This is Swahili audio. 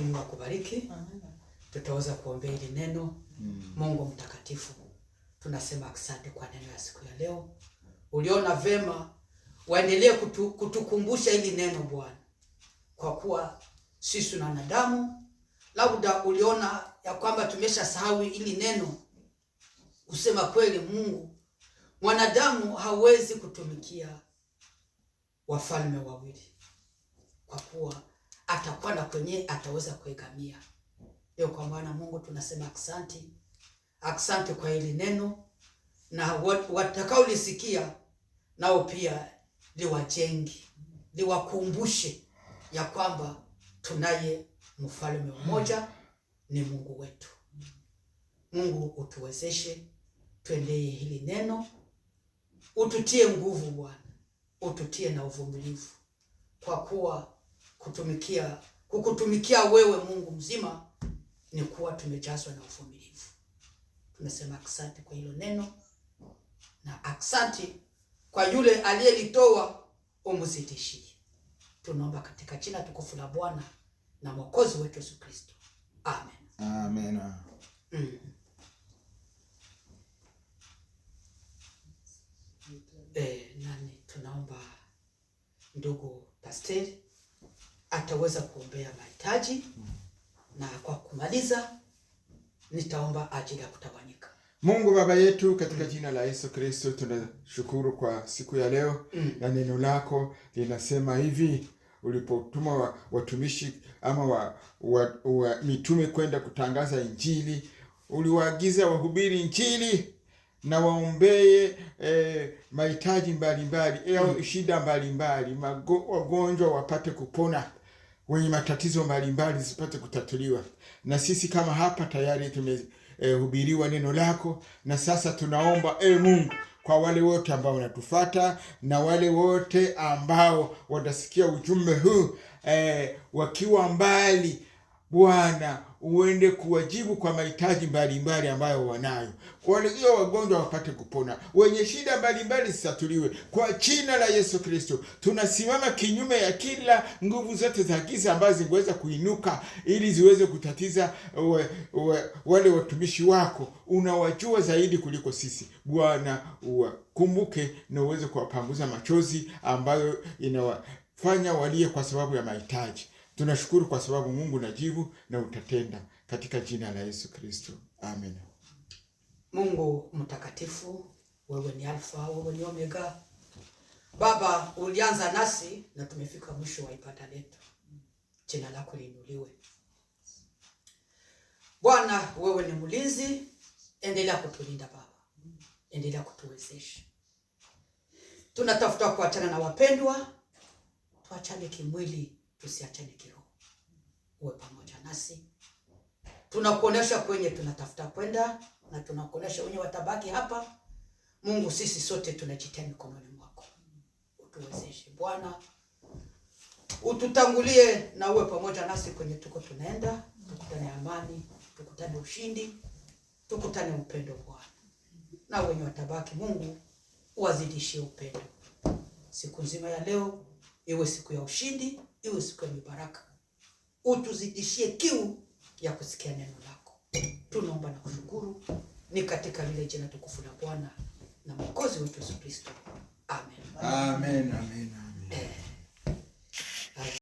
Mungu akubariki. Tutaweza kuombea ili neno. Mm. Mungu mtakatifu, tunasema asante kwa neno ya siku ya leo. Uliona vema waendelee kutu, kutukumbusha ili neno Bwana, kwa kuwa sisi na wanadamu, labda uliona ya kwamba tumeshasahau ili neno. Usema kweli, Mungu, mwanadamu hawezi kutumikia wafalme wawili, kwa kuwa atakuwa na kwenye ataweza kuegamia. Leo kwa maana Mungu tunasema aksanti, aksanti kwa hili neno, na watakaolisikia nao pia liwajenge, liwakumbushe ya kwamba tunaye mfalme mmoja, ni Mungu wetu. Mungu utuwezeshe tuendee hili neno, ututie nguvu Bwana, ututie na uvumilivu kwa kuwa kutumikia kukutumikia wewe Mungu mzima ni kuwa tumejazwa na uvumilivu. tumesema asante kwa hilo neno na asante kwa yule aliyelitoa umzidishie. Tunaomba katika jina tukufu la Bwana na Mwokozi wetu Yesu Kristo, amen, amen. Mm. E, nani tunaomba ndugu pasteri ataweza kuombea mahitaji na kwa kumaliza nitaomba ajili ya kutawanyika. Mungu Baba yetu katika jina la Yesu Kristo tunashukuru kwa siku ya leo mm. na neno lako linasema hivi ulipotuma wa, watumishi ama wa, wa, wa mitume kwenda kutangaza Injili uliwaagiza wahubiri Injili na waombee eh, mahitaji mbalimbali eh, au mm. shida mbalimbali, wagonjwa wapate kupona wenye matatizo mbalimbali zipate kutatuliwa. Na sisi kama hapa tayari tumehubiriwa eh, e, neno lako, na sasa tunaomba e Mungu kwa wale wote ambao wanatufata na wale wote ambao watasikia ujumbe huu e, wakiwa mbali Bwana uende kuwajibu kwa mahitaji mbalimbali ambayo wanayo, walio wagonjwa wapate kupona, wenye shida mbalimbali zisatuliwe. Kwa jina la Yesu Kristo tunasimama kinyume ya kila nguvu zote za giza ambazo zingeweza kuinuka ili ziweze kutatiza we, we, wale watumishi wako. Unawajua zaidi kuliko sisi Bwana, uwakumbuke na uweze kuwapanguza machozi ambayo inawafanya walie kwa sababu ya mahitaji Tunashukuru kwa sababu Mungu najibu na utatenda katika jina la Yesu Kristo, amen. Mungu mtakatifu, wewe ni Alfa, wewe ni Omega. Baba, ulianza nasi na tumefika mwisho wa ibada letu, jina lako liinuliwe. Bwana, wewe ni mlinzi, endelea kutulinda Baba, endelea kutuwezesha. Tunatafuta kuachana na wapendwa, tuachane kimwili tusiachane kiroho, uwe pamoja nasi. Tunakuonesha kwenye tunatafuta kwenda na tunakuonesha wenye watabaki hapa. Mungu, sisi sote tunajitia mikononi mwako, utuwezeshe Bwana, ututangulie na uwe pamoja nasi kwenye tuko tunaenda. Tukutane amani, tukutane ushindi, tukutane upendo Bwana, na wenye watabaki Mungu wazidishie upendo. Siku nzima ya leo iwe siku ya ushindi iwe siku ya baraka, utuzidishie kiu ya kusikia neno lako. Tunaomba na kushukuru ni katika lile jina tukufu la Bwana na Mwokozi wetu Yesu Kristo, amen, amen, amen.